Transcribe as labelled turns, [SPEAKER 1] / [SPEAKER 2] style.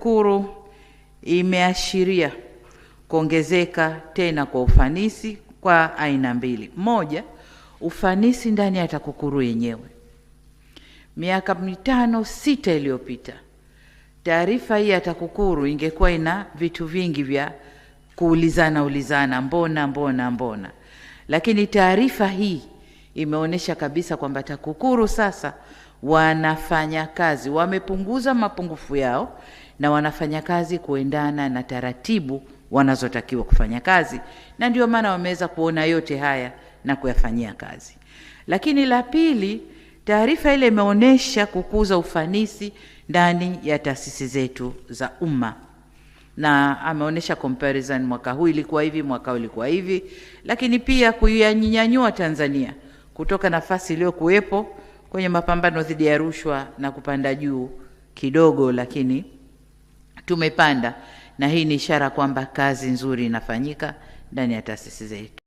[SPEAKER 1] kuru imeashiria kuongezeka tena kwa ufanisi kwa aina mbili. Moja, ufanisi ndani ya TAKUKURU yenyewe. Miaka mitano sita iliyopita, taarifa hii ya TAKUKURU ingekuwa ina vitu vingi vya kuulizana ulizana, mbona mbona mbona, lakini taarifa hii imeonyesha kabisa kwamba TAKUKURU sasa wanafanya kazi, wamepunguza mapungufu yao na wanafanya kazi kuendana na taratibu wanazotakiwa kufanya kazi, na ndio maana wameweza kuona yote haya na kuyafanyia kazi. Lakini la pili, taarifa ile imeonyesha kukuza ufanisi ndani ya taasisi zetu za umma, na ameonyesha comparison, mwaka huu ilikuwa hivi, mwaka huu ilikuwa hivi, lakini pia kuyanyanyua Tanzania kutoka nafasi iliyokuwepo kwenye mapambano dhidi ya rushwa na kupanda juu kidogo, lakini tumepanda, na hii ni ishara kwamba kazi nzuri inafanyika ndani ya taasisi zetu.